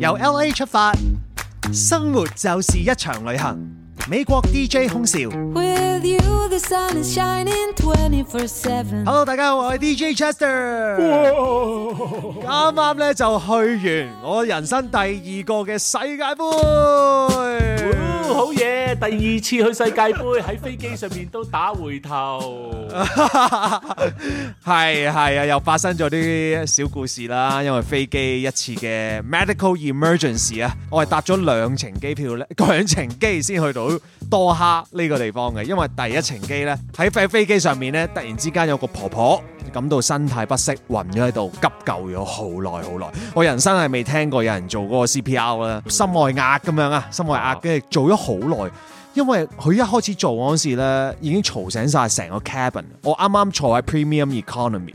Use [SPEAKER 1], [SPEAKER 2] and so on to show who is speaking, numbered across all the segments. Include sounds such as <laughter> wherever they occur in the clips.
[SPEAKER 1] 由 L A 出發，生活就是一場旅行。美國 D J 空少 you,，Hello 大家好，我係 D J Chester，啱啱咧 Wow. 就去完我人生第二個嘅世界盃。好嘢！Oh, yeah. 第二次去世界杯，
[SPEAKER 2] 喺 <laughs> 飛機上面都打回頭 <laughs>
[SPEAKER 1] <laughs> 係係啊，又發生咗啲小故事啦。因為飛機一次嘅 medical emergency 啊，我係搭咗兩程機票咧，兩程機先去到。多哈呢個地方嘅，因為第一程機呢，喺飛飛機上面呢，突然之間有個婆婆感到身體不適，暈咗喺度，急救咗好耐好耐，我人生係未聽過有人做嗰個 CPR 啦，心外壓咁樣啊，心外壓跟住做咗好耐。因為佢一開始做嗰時咧，已經嘈醒晒成個 cabin。我啱啱坐喺 premium economy，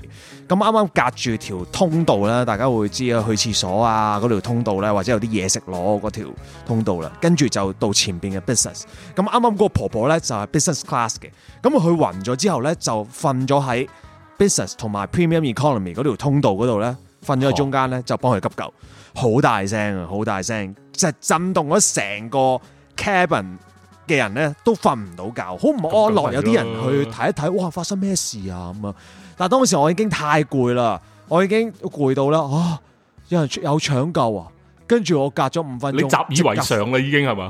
[SPEAKER 1] 咁啱啱隔住條通道啦，大家會知啊，去廁所啊嗰條通道咧，或者有啲嘢食攞嗰條通道啦，跟住就到前邊嘅 business。咁啱啱嗰個婆婆咧就係 business class 嘅，咁佢暈咗之後咧就瞓咗喺 business 同埋 premium economy 嗰條通道嗰度咧，瞓咗喺中間咧就幫佢急救，好大聲啊，好大，大聲，就係，震動咗成個 cabin。嘅人咧都瞓唔到覺，好唔好安樂，有啲人去睇一睇，哇，發生咩事啊咁啊！但係當時我已經太攰啦，我已經攰到啦啊！有人有搶救啊，跟住我隔咗五分鐘，你習以為常啦，已經係嘛？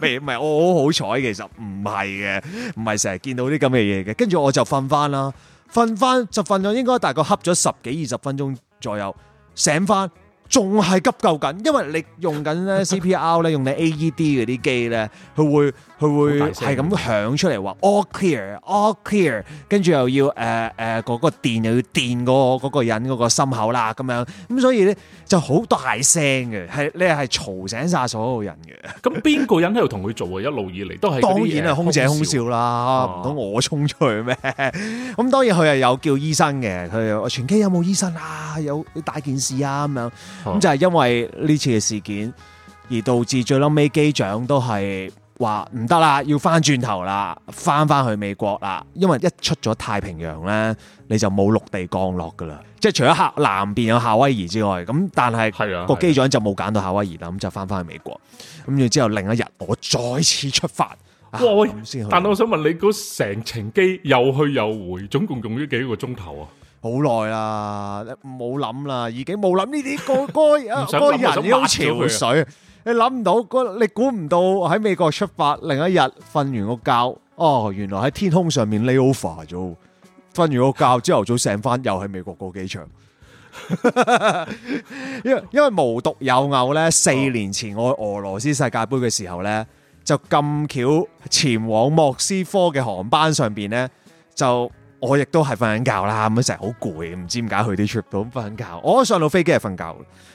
[SPEAKER 1] 未唔係我好好彩，其實唔係嘅，唔係成日見到啲咁嘅嘢嘅。跟住我就瞓翻啦，瞓翻就瞓咗應該大概瞌咗十幾二十分鐘左右，醒翻。仲係急救緊，因為你用緊咧 CPR 咧，用你 AED 嗰啲機咧，佢會佢會係咁響出嚟話 all clear all clear，跟住又要誒誒嗰個電又要電嗰嗰個人嗰個心口啦咁樣，咁所以咧就好大聲嘅，係你係嘈醒晒所有人嘅。咁邊個人喺度同佢做啊？一路以嚟都係當然係空姐空少啦，唔通、啊、我沖出去咩？咁 <laughs> 當然佢係有叫醫生嘅，佢話全機有冇醫生啊？有大件事啊咁樣。咁就係因為呢次嘅事件，而導致最屘尾機長都係話唔得啦，要翻轉頭啦，翻翻去美國啦。因為一出咗太平洋咧，你就冇陸地降落噶啦。即係除咗喺南邊有夏威夷之外，咁但係個機長就冇揀到夏威夷啦，咁、啊啊、就翻翻去美國。咁然後之後另一日我再次出發，哇、啊、喂但
[SPEAKER 2] 我想問你，嗰成程機又去又回，總共用咗幾個
[SPEAKER 1] 鐘頭啊？好耐啦，冇諗啦，已經冇諗呢啲個個個人好潮水，你諗唔到，你估唔到喺，美國出發，另一日瞓完個覺，哦，原來喺天空上面呢 layover 咗，瞓完個覺，朝頭早醒翻又喺美國過機場，因為因為無獨有偶咧，四年前我去俄羅斯世界杯嘅時候咧，就咁巧前往莫斯科嘅航班上邊咧就。我亦都係瞓緊覺啦，咁啊成日好攰，唔知點解去啲 trip 度咁瞓緊覺。我上到飛機係瞓覺，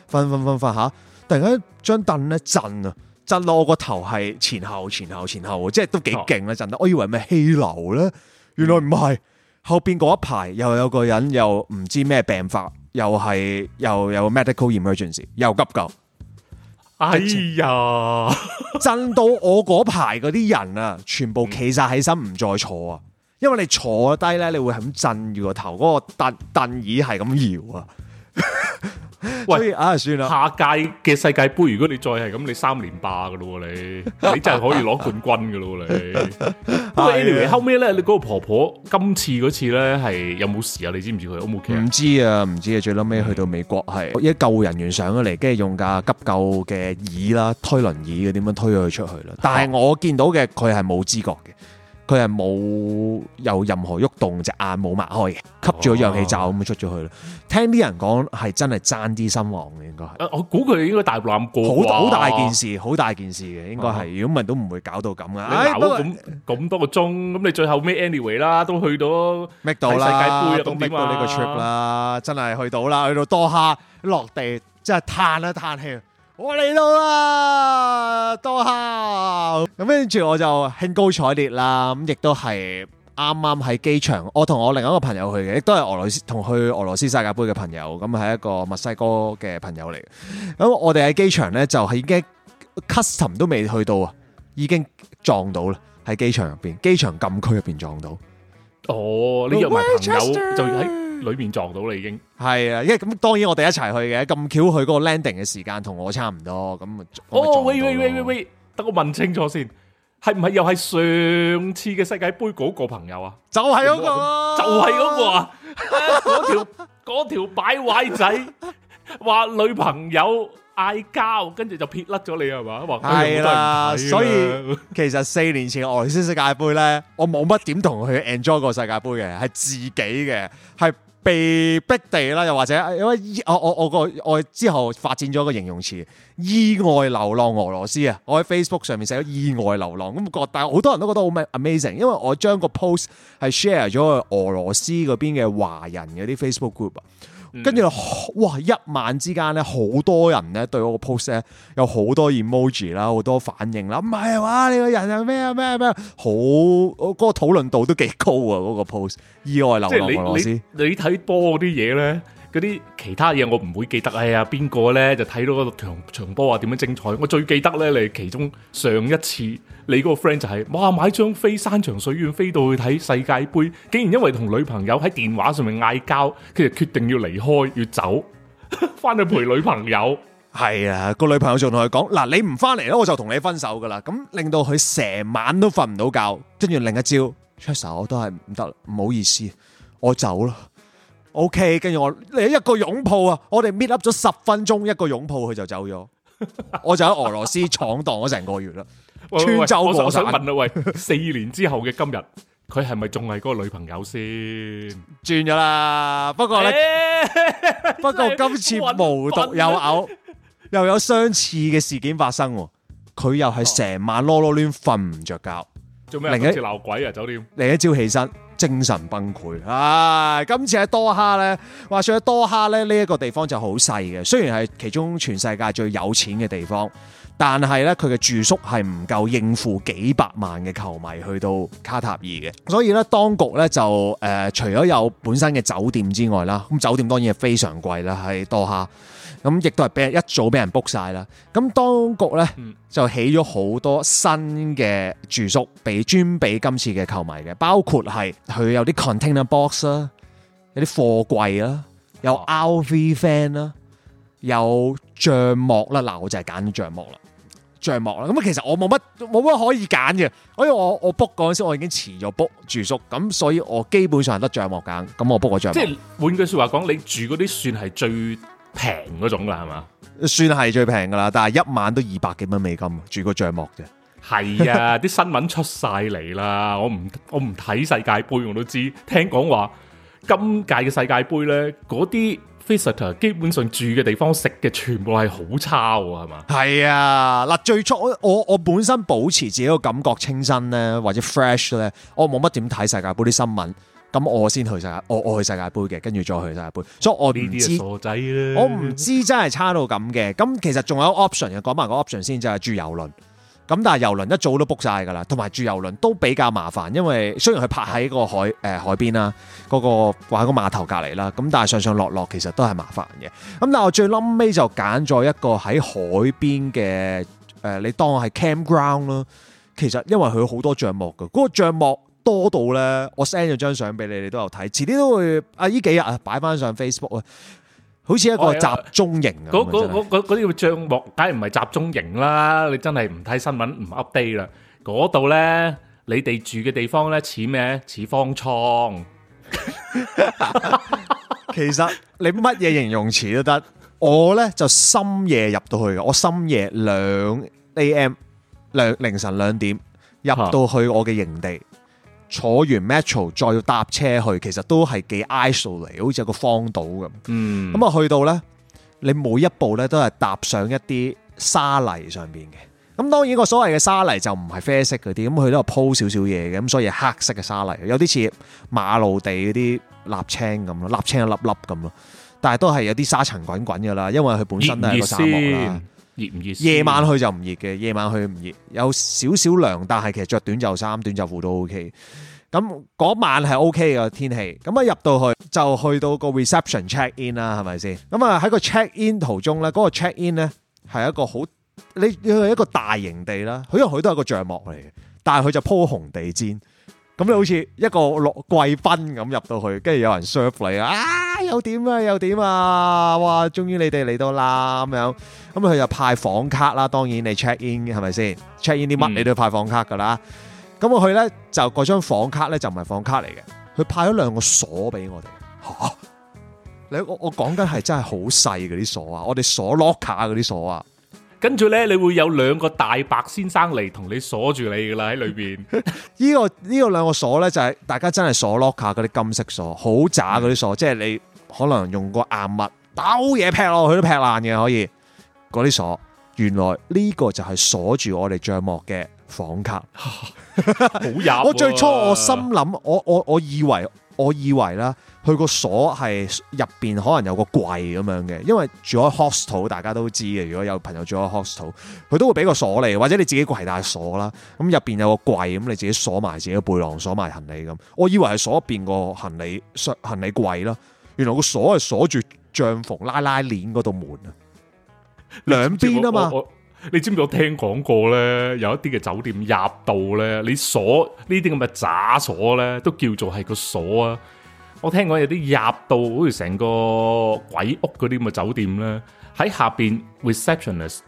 [SPEAKER 1] 瞓瞓瞓瞓吓，突然間張凳咧震啊，震到我個頭係前後前後前後，即係都幾勁啊！震得，我以為咩氣流咧，原來唔係。嗯、後邊嗰一排又有個人又唔知咩病發，又係又有 medical emergency，又急救。哎呀，震到我嗰排嗰啲人啊，全部企晒起身，唔再坐啊！嗯嗯因為你坐低咧，你會咁震，住、個頭嗰個凳凳椅係咁搖啊！ <laughs> 以喂，啊，算啦。下屆
[SPEAKER 2] 嘅世界盃，如果你再係咁，你三連霸噶咯，你你真係可以攞冠軍噶咯，你。後
[SPEAKER 1] 尾咧，你嗰個婆婆今次嗰次咧係有
[SPEAKER 2] 冇事啊？你知唔知佢有冇？唔
[SPEAKER 1] 知啊，唔知啊。最屘尾去到美國係一救護人員上咗嚟，跟住，用架急救嘅椅啦，推輪椅嘅，點樣推咗佢出去啦？但係我見到嘅，佢係冇知覺嘅。佢係冇有任何喐動，隻眼冇擘開，吸住個氧氣罩咁樣出咗去啦。聽啲人講係真係爭啲身亡嘅，應該。誒，我估佢應該
[SPEAKER 2] 大鑊過，好大件
[SPEAKER 1] 事，好大件事嘅，應該係。如果唔係都唔會搞到咁嘅。咁
[SPEAKER 2] 咁多個鐘，咁你最後咩 anyway 啦，都去到搣到世界盃啦，都搣到呢個 trip 啦，
[SPEAKER 1] 真係去到啦，去到多哈落地，真係嘆一嘆氣。我嚟到啦，多哈！咁跟住我就興高采烈啦，咁亦都係啱啱喺機場，我同我另一個朋友去嘅，亦都係俄羅斯同去俄羅斯世界盃嘅朋友，咁係一個墨西哥嘅朋友嚟。咁 <laughs> 我哋喺機場呢，就係已經 custom 都未去到啊，已經撞到啦喺機場入邊，機場禁區入邊撞到。哦，你約埋朋友做？主持人就裏面撞到啦，已經係啊，因為咁當然我哋一齊去嘅，咁巧佢嗰個 landing 嘅時間同我差唔多，咁哦喂喂喂喂
[SPEAKER 2] 喂，等我問清楚
[SPEAKER 1] 先，係唔係又
[SPEAKER 2] 係上次嘅世界盃嗰個朋友啊？
[SPEAKER 1] 就係嗰個，就係嗰個啊，
[SPEAKER 2] 嗰條嗰條擺壞仔，話女朋友嗌交，跟住就撇甩咗你係嘛？係啊，不不所以
[SPEAKER 1] 其實四年前俄羅斯世界盃咧，我冇乜點同佢 enjoy 過世界盃嘅，係自己嘅，係。被逼地啦，又或者因為我我我個我之後發展咗一個形容詞，意外流浪俄羅斯啊！我喺 Facebook 上面寫咗意外流浪咁，但係好多人都覺得好咩 amazing，因為我將個 post 係 share 咗去俄羅斯嗰邊嘅華人嗰啲 Facebook group 啊。跟住、嗯、哇，一晚之間咧，好多人咧對我個 post 咧有好多 emoji 啦，好多反應啦，唔係啊嘛，你個人又咩啊咩啊咩啊，好，嗰、嗰個討論度都幾高啊，嗰、嗰個 post 意外流浪啊斯，
[SPEAKER 2] 你睇波嗰啲嘢咧。嗰啲其他嘢我唔會記得，哎呀邊個咧就睇到嗰個場波啊點樣精彩？我最記得咧，你其中上一次你嗰個 friend 就係哇買張飛山長水遠飛到去睇世界杯，竟然因為同女朋友喺電話上面
[SPEAKER 1] 嗌交，佢就決定要離開要走，翻去陪女朋友。係啊，個女朋友仲同佢講嗱，你唔翻嚟咧我就同你分手噶啦，咁令到佢成晚都瞓唔到覺。跟住另一朝，出事我都係唔得，唔好意思，我走啦。O K，跟住我嚟一個擁抱啊！我哋 meet up 咗十分鐘，一個擁抱佢就走咗，我就喺俄羅斯闖蕩咗成個月啦。穿走 <laughs> 喂我想問啊，
[SPEAKER 2] 喂，四年之後嘅今日，佢係咪仲係嗰個女朋友先？
[SPEAKER 1] 轉咗啦，不過咧，欸、不過今次無獨、 <laughs> 啊、有偶，又有相似嘅事件發生，佢又係成晚囉囉攣，瞓唔着覺。做咩另一似鬧鬼啊！酒店。另一朝起身。精神崩潰啊！今次喺多哈呢，話説喺多哈呢呢一個地方就好細嘅，雖然係其中全世界最有錢嘅地方。但係咧，佢嘅住宿係唔夠應付幾百萬嘅球迷去到卡塔爾嘅，所以咧當局咧就誒除咗有本身嘅酒店之外啦，咁酒店當然係非常貴啦，係多嚇，咁亦都係俾人一早俾人 book 晒啦。咁當局咧就起咗好多新嘅住宿，俾專俾今次嘅球迷嘅，包括係佢有啲 container box 啦、啊，有啲貨櫃啦、啊，有 RV fan 啦、啊，有帳幕啦，嗱我就係揀帳幕啦。帳幕啦，咁啊，其實我冇乜冇乜可以揀嘅，所以我我 book 嗰陣時，我已經遲咗 book 住宿，咁所以我基本上得帳幕揀，咁我 book 個帳，即係
[SPEAKER 2] 換句説話講，你住嗰啲算係最平嗰種啦，係嘛？
[SPEAKER 1] 算係最平㗎啦，但係一晚都二百幾蚊美金住個帳幕啫。
[SPEAKER 2] 係啊，啲新聞出晒嚟啦，我唔我唔睇世界盃我都知，聽講話今屆嘅世界盃咧嗰啲。Itor, 基本上住嘅地方食嘅全部係好差喎，係嘛？
[SPEAKER 1] 係啊，嗱，最初我我本身保持自己個感覺清新咧，或者 fresh 咧，我冇乜點睇世界盃啲新聞，咁我先去世界，我我去世界盃嘅，跟住再去世界盃，所以我唔知，傻我唔知真係差到咁嘅。咁其實仲有 option 嘅，講埋個 option 先就係住遊輪。咁但係遊輪一早都 book 晒㗎啦，同埋住遊輪都比較麻煩，因為雖然佢泊喺個海誒、呃、海邊啦，嗰、那個話喺個碼頭隔籬啦，咁但係上上落落其實都係麻煩嘅。咁但係我最臨尾就揀咗一個喺海邊嘅誒、呃，你當我係 campground 咯。其實因為佢好多帳幕㗎，嗰、那個帳幕多到咧，我 send 咗張相俾你，你都有睇。遲啲都會啊，呢幾日擺翻上 Facebook 啊。好似一個集中營啊！嗰嗰嗰嗰嗰啲叫
[SPEAKER 2] 帳幕，梗係唔係集中營啦！你真係唔睇新聞，唔 update 啦！嗰度咧，你哋住嘅地方咧似咩？似方艙？
[SPEAKER 1] 其實你乜嘢形容詞都得。我咧就深夜入到去嘅，我深夜兩 am 兩凌晨兩點入到去我嘅營地。坐完 metro 再要搭車去，其實都係幾 isolate，好似個荒島咁。咁啊、嗯，去到呢，你每一步呢都係踏上一啲沙泥上邊嘅。咁當然個所謂嘅沙泥就唔係啡色嗰啲，咁佢都係鋪少少嘢嘅，咁所以黑色嘅沙泥有啲似馬路地嗰啲瀝青咁咯，瀝青一粒粒咁咯，但係都係有啲沙塵滾滾㗎喇，因為佢本身都係個沙漠啦。烈夜晚去就唔熱嘅，夜晚去唔熱，有少少涼，但係其實着短袖衫、短袖褲都 OK。咁嗰晚係 OK 嘅天氣，咁啊入到去就去到個 reception check in 啦，係咪先？咁啊喺個 check in 途中咧，嗰、嗰個 check in 咧係一個好，你一個一個大型地啦，好因為佢都係個帳幕嚟嘅，但係佢就鋪紅地氈。咁你好似一個落貴賓咁入到去，跟住有人 serve 你啊，又點啊，又點啊，哇，終於你哋嚟到啦咁樣，咁佢就派房卡啦，當然你 check in 係咪先？check in 啲乜你都要派房卡噶啦。咁、嗯、佢咧，就嗰張房卡咧就唔係房卡嚟嘅，佢派咗兩個鎖俾我哋。吓，你我我講緊係真係好細嘅啲鎖啊，我哋鎖 locker 嗰啲鎖啊。
[SPEAKER 2] 跟住呢，你會有兩個大白先生嚟同你鎖住你噶啦喺裏邊。
[SPEAKER 1] 呢、 <laughs> 這個呢、這個兩個鎖呢，就係、是、大家真係鎖 locker 嗰啲金色鎖，好渣嗰啲鎖，嗯、即係你可能用個硬物打嘢劈落去都劈爛嘅可以。嗰啲鎖原來呢個就係鎖住我哋帳幕嘅房卡。 <laughs> <laughs> 好啊、 <laughs> 我最初我心諗，我我我,我以為，我以為啦。佢個鎖係入邊可能有個櫃咁樣嘅，因為住喺 hostel 大家都知嘅。如果有朋友住喺 hostel，佢都會俾個鎖你，或者你自己攜帶鎖啦。咁入邊有個櫃，咁你自己鎖埋自己嘅背囊，鎖埋行李咁。我以為係鎖入邊個行李箱、行李櫃咯，原來個鎖係鎖住帳篷拉拉鏈嗰度門啊！知知兩
[SPEAKER 2] 邊啊嘛，你知唔知我聽講過咧，有一啲嘅酒店入到咧，你鎖呢啲咁嘅渣鎖咧，都叫做係個鎖啊！我聽講有啲入到好似成個鬼屋嗰啲咁嘅酒店啦，喺下邊 receptionist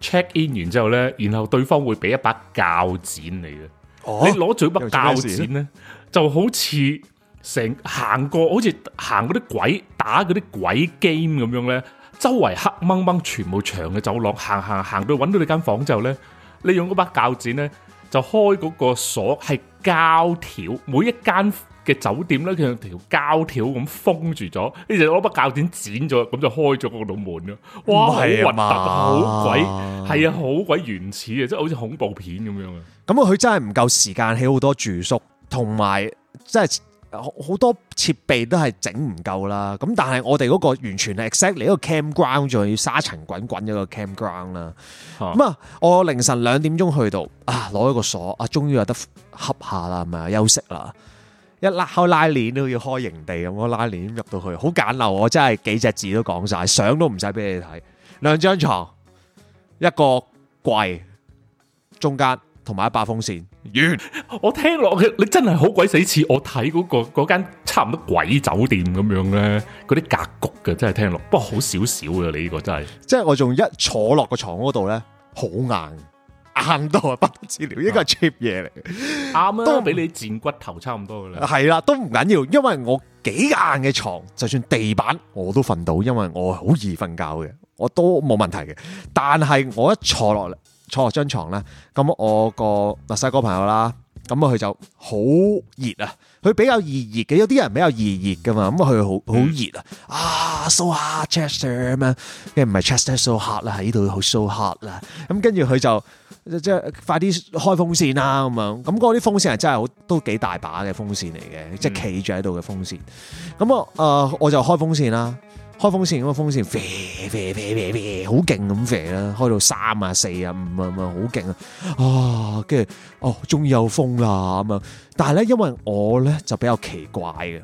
[SPEAKER 2] check in 完之後咧，然後對方會俾一把鉸剪嚟嘅，哦、你攞住把鉸剪咧，呢就好似成行過好似行嗰啲鬼打嗰啲鬼 game 咁樣咧，周圍黑掹掹，全部長嘅走廊，行行行到揾到你間房之後咧，你用嗰把鉸剪咧。就開嗰個鎖係膠條，每一間嘅酒店咧，佢用條膠條咁封住咗，呢就攞把鉸剪剪咗，咁就開咗嗰度門咯。哇，好核突，吧好鬼，係啊，好鬼原始啊，即係好似恐怖片咁樣啊。
[SPEAKER 1] 咁啊，佢真係唔夠時間起好多住宿，同埋即係。好多設備都係整唔夠啦，咁但係我哋嗰個完全係 exactly 一個 camp ground，仲要沙塵滾滾一個 camp ground 啦。咁啊，我凌晨兩點鐘去到啊，攞咗一個鎖啊，終於有得恰下啦，咪休息啦。一拉開拉鏈都要開營地咁，我拉鏈入到去好簡陋，我真係幾隻字都講晒，相都唔使俾你睇。兩張床，一個櫃，中間。同埋一把風扇，
[SPEAKER 2] 完我聽落去， <noise> 你真係好鬼死似我睇嗰、嗰個間差唔多鬼酒店咁樣咧，嗰啲格局嘅真係聽落，不過好少少嘅你呢個真係，即係
[SPEAKER 1] 我仲一坐落個床嗰度咧，好硬，硬到不得了，應該係 cheap 嘢嚟，
[SPEAKER 2] 嘅，啱啊，都比你剪骨頭差唔多噶啦，係
[SPEAKER 1] 啦，都唔緊要，因為我幾硬嘅床，就算地板我都瞓到，因為我好易瞓覺嘅，我都冇問題嘅，但係我一坐落。坐落張床啦，咁我個墨西哥朋友啦，咁啊佢就好熱啊，佢比較易熱嘅，有啲人比較易熱㗎嘛，咁佢好好熱、嗯、啊，啊 so hard Chester 啊，即係唔係 Chester so hot、so、啦，喺呢度好 so hot 啦，咁跟住佢就即係快啲開風扇啦咁樣，咁嗰啲風扇係真係好都幾大把嘅風扇嚟嘅，即係企住喺度嘅風扇，咁啊啊我就開風扇啦。開風扇，個風扇飛飛飛飛好勁咁飛啦，開到三啊四啊五啊咁樣，好勁啊！啊，跟住哦，終於有風啦咁樣，但係咧，因為我咧就比較奇怪嘅，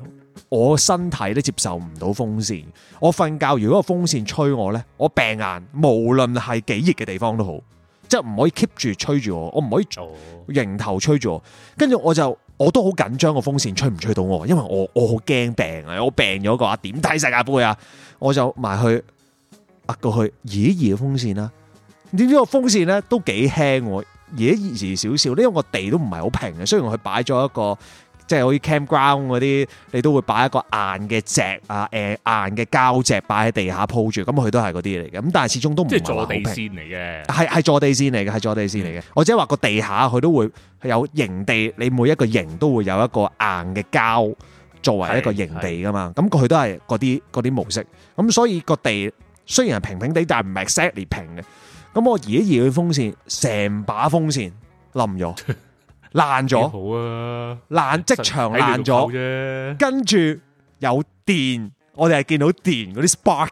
[SPEAKER 1] 我身體都接受唔到風扇，我瞓覺如果個風扇吹我咧，我病硬，無論係幾熱嘅地方都好。即係唔可以 keep 住吹住我，我唔可以做，迎頭吹住我。跟住，我就我都好緊張個風扇吹唔吹到我，因為我我好驚病啊！我病咗個話，點睇世界杯啊？我就埋去壓過去，熱熱風扇啦。點知個風扇咧都幾輕，我熱熱少少。呢個地都唔係好平嘅，雖然佢擺咗一個。即係好似 campground 嗰啲，你都會擺一個硬嘅席啊，誒硬嘅膠席擺喺地下鋪住，咁佢都係嗰啲嚟嘅。咁但係始終都唔係地平嚟嘅，係係坐地線嚟嘅，係坐地線嚟嘅。我只係話個地下佢都會有營地，你每一個營都會有一個硬嘅膠作為一個營地噶嘛。咁佢都係嗰啲嗰啲模式。咁所以個地雖然係平平地，但係唔係 exactly 平嘅。咁我移一移佢風扇，成把風扇冧咗。爛咗好啊！爛即場爛咗，跟住有電，我哋係見到電嗰啲 spark，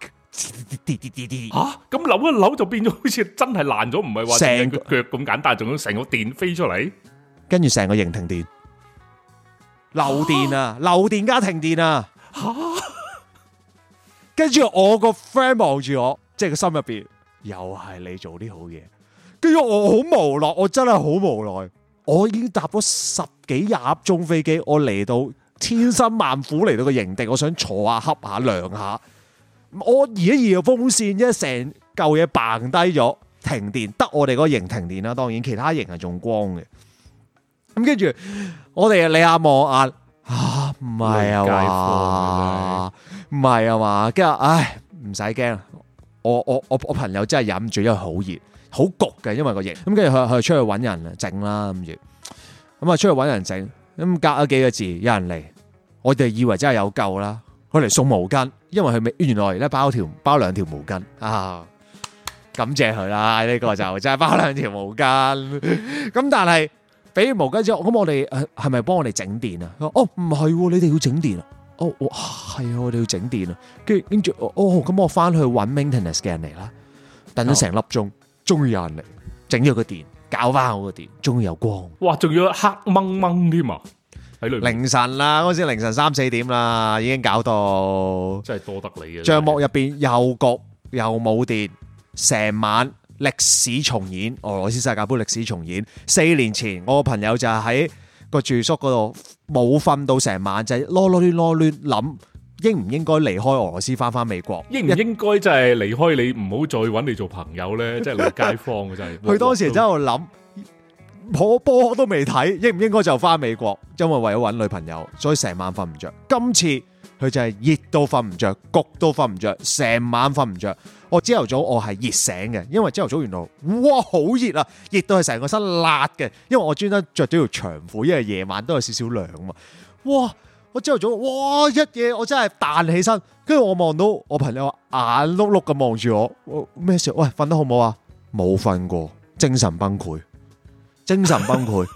[SPEAKER 1] 滴滴滴滴。吓，咁扭一扭就
[SPEAKER 2] 變咗，好似真係爛咗，唔係話成個腳咁簡單，仲要成個電飛出嚟，
[SPEAKER 1] 跟住成個營停電，漏電啊！漏電加停電啊！吓，跟住我個 friend 望住我，即係個心入邊又係你做啲好嘢，跟住我好無奈，我真係好無奈。我已經搭咗十幾廿鐘飛機，我嚟到千辛萬苦嚟到個營地，我想坐下、恰下、涼下。我移一移風扇一成舊嘢，崩低咗，停電，得我哋個營停電啦。當然，其他營係仲光嘅。咁跟住我哋嚟下望下，吓唔係啊嘛？唔係啊嘛？跟住，唉，唔使驚。我我我我朋友真係飲住，因為好熱。好焗嘅，因為個形咁，跟住佢佢出去揾人整啦，咁住，咁啊出去揾人整咁，隔咗幾個字，有人嚟，我哋以為真係有救啦，佢嚟送毛巾，因為佢未原來咧包條包兩條毛巾啊，感謝佢啦，呢個就真係包兩條毛巾，咁但係俾條毛巾之後，咁我哋係，係咪幫我哋整電啊？哦唔係，你哋要整電啊？哦係啊，我哋要整電啊，跟住跟住哦，咁我翻去揾 maintenance 嘅人嚟啦，等咗成粒鐘。終於有人嚟整咗個電，搞翻好個電，終於有光。哇，仲要黑掹掹添啊！凌晨啦，嗰陣時凌晨三四點啦，已經搞到真
[SPEAKER 2] 係多得你啊！帳幕
[SPEAKER 1] 入邊又焗又冇電，成晚歷史重演，俄羅斯世界杯歷史重演。四年前我個朋友就係喺個住宿嗰度冇瞓到成晚，就係囉囉攣囉攣諗。應唔應該離開俄羅斯翻翻美國？應唔應該就係離開你？唔好再搵你做朋友呢？即係老街
[SPEAKER 2] 坊嘅，真係。佢 <laughs> 當時真
[SPEAKER 1] 係諗，我波哇都未睇，應唔應該就翻美國？因為為咗搵女朋友，所以成晚瞓唔着。今次佢就係熱到瞓唔着，焗到瞓唔着，成晚瞓唔着。我朝頭早我係熱醒嘅，因為朝頭早原來，哇好熱啊，熱到係成個身辣嘅，因為我專登着咗條長褲，因為夜晚都有少少涼啊嘛，哇！朝頭早，哇！一嘢我真係彈起身，跟住我望到我朋友眼碌碌咁望住我，咩事？喂，瞓得好唔好啊？冇瞓過，精神崩潰，精神崩潰，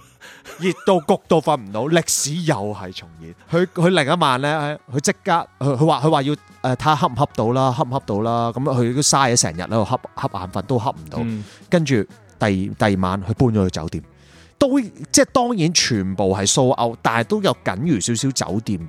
[SPEAKER 1] 熱到焗到瞓唔到，歷史又係重現。佢佢另一晚咧，佢即刻佢佢話佢話要誒睇下合唔合到啦，恰唔恰到啦。咁樣佢都嘥咗成日喺度恰，恰眼瞓都恰唔到。跟住第二第二晚，佢搬咗去酒店。都即係當然全部係 sold out，但係都有僅餘少少酒店誒、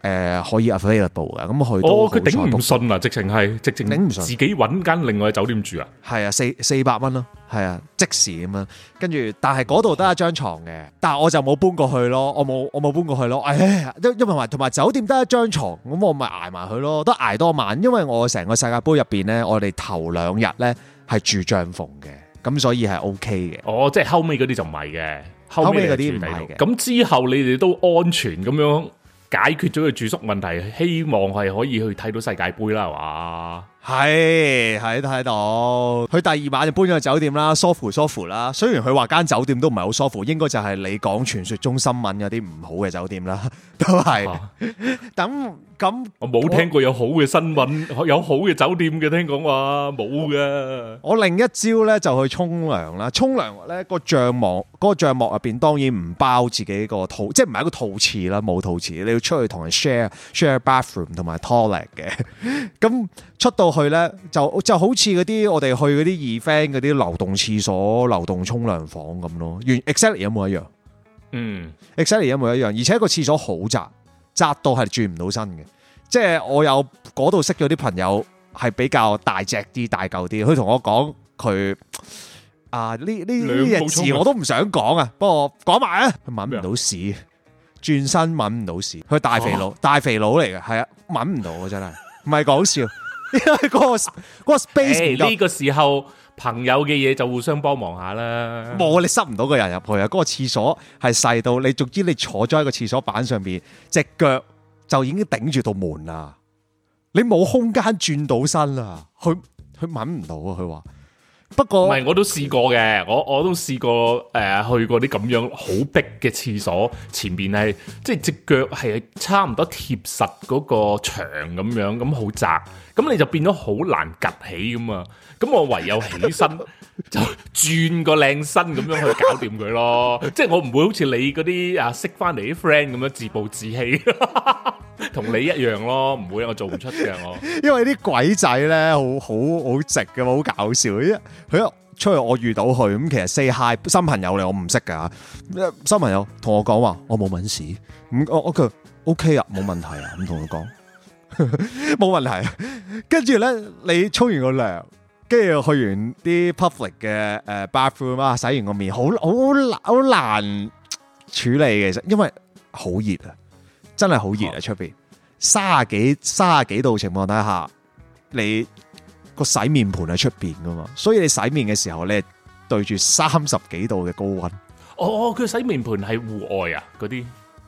[SPEAKER 1] 呃、可以 available 嘅。咁去都佢頂唔順啦，即係直情，即係直情自己搵間另外酒店住啊。係啊，四四百蚊咯，係啊，即時咁樣。跟住，但係嗰度得一張床嘅，但係我就冇搬過去咯，我冇我冇搬過去咯。唉，因因為同埋酒店得一張床，咁我咪挨埋佢咯，得挨多晚。因為我成個世界杯入邊咧，我哋頭兩日咧係住帳篷嘅。咁所以係 O K 嘅。哦，即係後尾嗰啲就唔係嘅，後尾嗰啲唔係嘅。咁
[SPEAKER 2] 之後你哋都安全咁樣解決咗個住宿問題，希望係
[SPEAKER 1] 可以去睇到世界盃啦，係嘛？係喺度喺度，佢第二晚就搬咗去酒店啦，舒服舒服啦。雖然佢話間酒店都唔係好舒服，應該就係你講傳說中新聞嗰啲唔好嘅酒店啦，都係。等咁、啊， <laughs> 那我冇聽過有好嘅新聞，
[SPEAKER 2] <laughs> 有好嘅酒店嘅，聽講話冇嘅。
[SPEAKER 1] 我另一朝呢就去沖涼啦，沖涼呢、個帳幕，嗰、個帳幕入邊當然唔包自己、個套，即係唔係一個套廁啦，冇套廁，你要出去同人 share share bathroom 同埋 toilet 嘅。咁 <laughs> 出到。去咧就就好似嗰啲我哋去嗰啲二 friend 嗰啲流動廁所、流動沖涼房咁咯。原 exactly 有冇一樣？嗯、mm.，exactly 有冇一樣？而且個廁所好窄，窄到係轉唔到身嘅。即係我有嗰度識咗啲朋友係比較大隻啲、大舊啲。佢同我講佢啊，呢呢呢啲字我都唔想講啊。不過講埋啊，佢抆唔到屎，轉身抆唔到屎。佢大肥佬，哦、大肥佬嚟嘅係啊，抆唔到啊，真係唔係講笑。 <laughs> 呢、 <laughs> 那個、那個 space 呢、欸這個時候朋友嘅嘢就互相幫忙下啦。冇，你塞唔到人、個人入去啊。嗰個廁所係細到你，總之你坐咗喺個廁所板上邊，隻腳就已經頂住度門啦。你冇空間轉到身啦，佢佢搵唔到啊，佢話。
[SPEAKER 2] 不過唔係，我都試過嘅，我我都試過誒、呃，去過啲咁樣好逼嘅廁所，前邊係即係隻腳係差唔多貼實嗰個牆咁樣，咁好窄，咁你就變咗好難趷起咁啊！咁我唯有起身就轉個靚身咁樣去搞掂佢咯，即係我唔會好似你嗰啲啊識翻嚟啲 friend 咁樣自暴自棄。 <laughs> 同你一樣咯，唔會，我做唔出嘅我。
[SPEAKER 1] 因為啲鬼仔咧，好好好直嘅，好搞笑。佢一出嚟，我遇到佢，咁其實 say hi 新朋友嚟，我唔識噶。新朋友同我講話，我冇本事。咁我佢 OK 啊，冇問題啊，咁同佢講冇問題。跟住咧， <laughs> 你沖完個涼，跟住去完啲 public 嘅誒 bathroom 啊，洗完個面，好好難好難處理嘅，其實因為好熱啊。真係好熱啊！出邊三十幾三十幾度情況底下，你個洗面盆喺出邊噶嘛？所以你洗面嘅時候，你係對住三十幾度嘅高溫。哦，佢洗面盆係戶
[SPEAKER 2] 外啊？嗰啲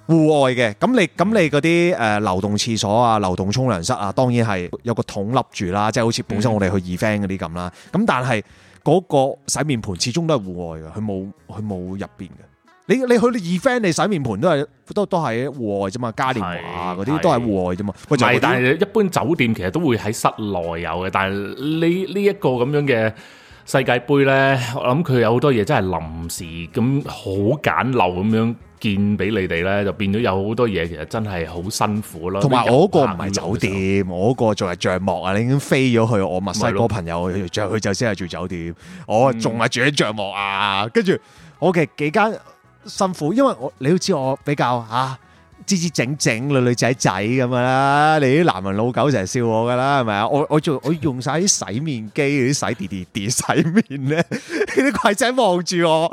[SPEAKER 1] 戶外嘅。咁你咁你嗰啲誒流動廁所啊、流動沖涼室啊，當然係有個桶笠住啦，即係好似本身我哋去 event 嗰啲咁啦。咁但係嗰個洗面盆始終都係戶外嘅，佢冇佢冇入邊嘅。你你去你二番你洗面盆都係都都係戶外啫嘛，嘉年華嗰啲都係戶外啫嘛。但係一
[SPEAKER 2] 般酒店其實都會喺室內有嘅。但係呢呢一個咁樣嘅世界盃咧，我諗佢有好多嘢真係臨時咁好簡陋咁樣建俾你哋咧，就變咗有好多嘢，其實真係好辛苦囉。同埋我嗰個唔係酒
[SPEAKER 1] 店，我嗰個就係帳幕啊，你已經飛咗去我墨西哥朋友，着佢、嗯、就先係住酒店，我仲係住喺帳幕啊。跟住我嘅幾間。辛苦，因為我你都知我比較嚇，支支整整女女仔仔咁樣啦。你啲男人老狗成日笑我噶啦，係咪啊？我我做我用曬啲洗面機，啲洗 d d d 洗面咧，啲鬼仔望住我。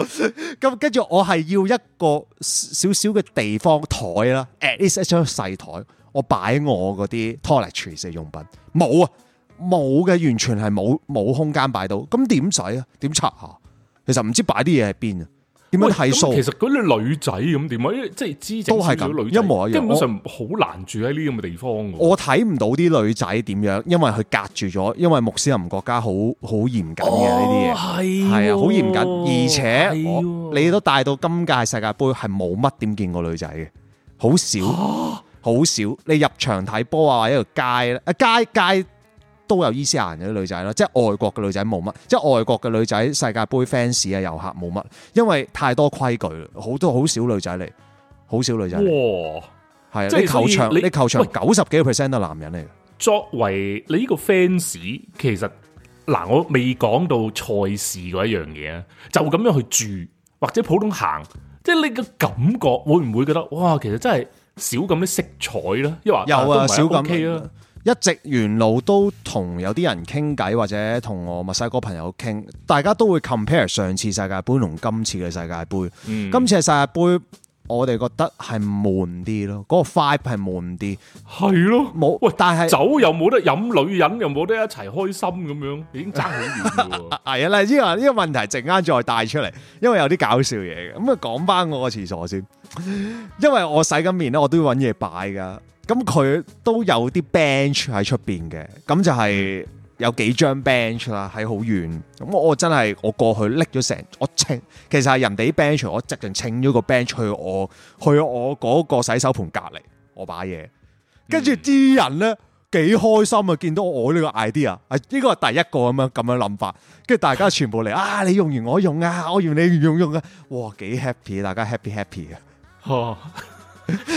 [SPEAKER 1] 咁跟住我係要一個少少嘅地方台啦，at least 一張細台，我擺我嗰啲 toiletries 用品冇啊，冇嘅，完全係冇冇空間擺到，咁點洗啊？點擦下？其實唔知擺啲嘢喺邊啊！點樣睇數？數其實嗰啲女仔
[SPEAKER 2] 咁點啊？即係之前見到女一模一樣，基本上好難住喺呢咁嘅地方我。
[SPEAKER 1] 我睇唔到啲女仔點樣，因為佢隔住咗。因為穆斯林國家好好嚴謹嘅呢啲嘢，係啊，好嚴謹。而且、哦哦、你都帶到今屆世界盃係冇乜點見過女仔嘅，好少，好、啊、少。你入場睇波啊，或者街咧啊街街。街街.都有伊斯蘭嗰啲女仔咯，即係外國嘅女仔冇乜，即係外國嘅女仔世界盃 fans 啊、遊客冇乜，因為太多規矩啦，好多好少女仔嚟，好少女仔。哇，係啊的，即係球場，你球場九十幾個 percent 都係男人
[SPEAKER 2] 嚟嘅。作為你呢個 fans，其實嗱，我未講到賽事嗰一樣嘢啊，就咁樣去住或者普通行，即係你嘅感
[SPEAKER 1] 覺會唔會覺得哇，其實真係少咁啲色彩啦，因為有啊少咁啦。一直沿路都同有啲人傾偈，或者同我墨西哥朋友傾，大家都會 compare 上次世界杯同今次嘅世界杯。嗯、今次嘅世界杯我哋覺得係悶啲咯，嗰、嗰個 vibe 係悶啲。係咯的，冇是喂，但
[SPEAKER 2] 係酒又冇得飲，女人又冇得一齊開心咁樣，已經
[SPEAKER 1] 爭好遠噶喎。係啊，啦，呢個呢個問題陣間再帶出嚟，因為有啲搞笑嘢嘅。咁啊，講翻我個廁所先，因為我洗緊面咧，我都要揾嘢擺噶。咁佢都有啲 bench 喺出邊嘅，咁就係有幾張 bench 啦喺好遠，咁我真係我過去拎咗成，我清，其實係人哋啲 bench，我直情清咗個 bench 去我去我嗰個洗手盆隔籬，我把嘢，跟住啲人咧幾開心啊，見到我呢個 idea，係呢個係第一個咁樣咁樣諗法，跟住大家全部嚟啊，你用完我用啊，我要你用用用啊，哇，幾 happy，大家 happy happy 啊， <laughs>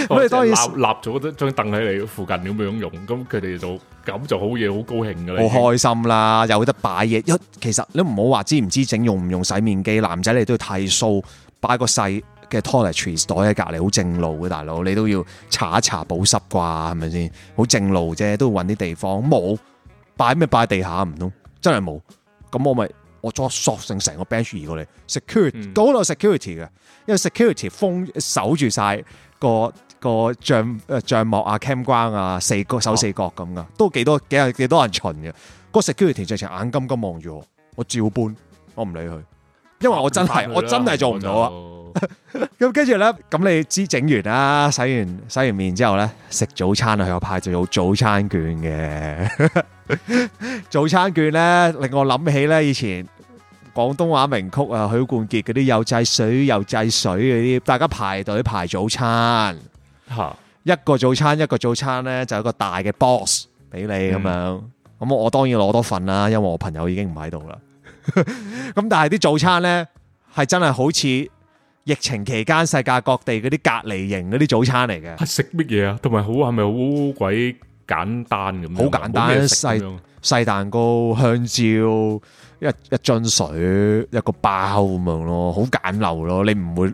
[SPEAKER 1] 我哋當然
[SPEAKER 2] 立咗張凳喺你附近咁樣用，咁佢哋就咁就好嘢，好高興噶啦，好開
[SPEAKER 1] 心啦，又 <laughs> 得擺嘢。其實你唔好話知唔知整用唔用洗面機，男仔你都要剃須，擺個細嘅 toiletries 袋喺隔籬，好正路嘅大佬，你都要搽一搽保濕啩，係咪先？好正路啫，都要搵啲地方冇，擺咩擺地下唔通？真係冇。咁我咪我再索性成個 bench 移過嚟，security 嗰度 security 嘅，因為 security 封守住晒。個個帳誒帳幕啊 cam 官啊四個手四角咁噶，都幾多幾人幾多人巡嘅。嗰 security team 眼金金望住我，我照搬，我唔理佢，因為我真係我真係做唔到啊。咁跟住咧，咁 <laughs> 你知整完啦，洗完洗完面之後咧，食早餐啊，佢有派就有早餐券嘅。 <laughs> 早餐券咧令我諗起咧以前。廣東話名曲啊，許冠傑嗰啲又制水又制水嗰啲，大家排隊排早餐，哈早餐，一個早餐一個早餐咧就有個大嘅 boss 俾你咁、嗯、樣。咁我當然攞多份啦，因為我朋友已經唔喺度啦。咁 <laughs> 但係啲早餐咧係真係好似疫情期間世界各地嗰啲隔離營嗰啲早餐嚟嘅。食乜嘢啊？同埋好係咪好鬼簡單咁好簡單，細細蛋糕、香蕉。一一樽水，一個包咁樣咯，好簡陋咯。你唔會，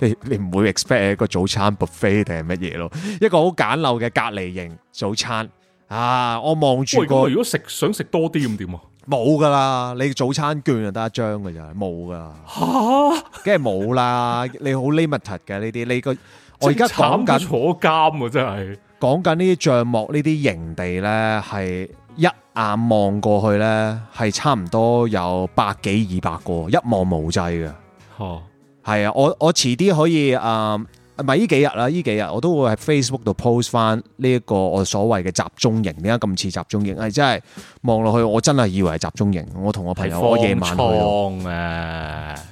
[SPEAKER 1] 你你唔會 expect 一個早餐 buffet 定係乜嘢咯？一個好簡陋嘅隔離營早餐啊！我望住個如果食想食多啲咁點啊？冇噶啦，你早餐券就得一張噶咋，冇噶嚇，梗係冇啦。你好 limited 嘅呢啲，你個我而家講緊坐監啊，真係講緊呢啲帳幕，呢啲營地咧係。一眼望過去呢，係差唔多有百幾二百個，一望無際嘅。哦，係啊，我我遲啲可以誒，唔係呢幾日啦，呢幾日我都會喺 Facebook 度 post 翻呢一個我所謂嘅集中營，點解咁似集中營？係真係望落去，我真係以為係集中營。我同我朋友夜、啊、晚去。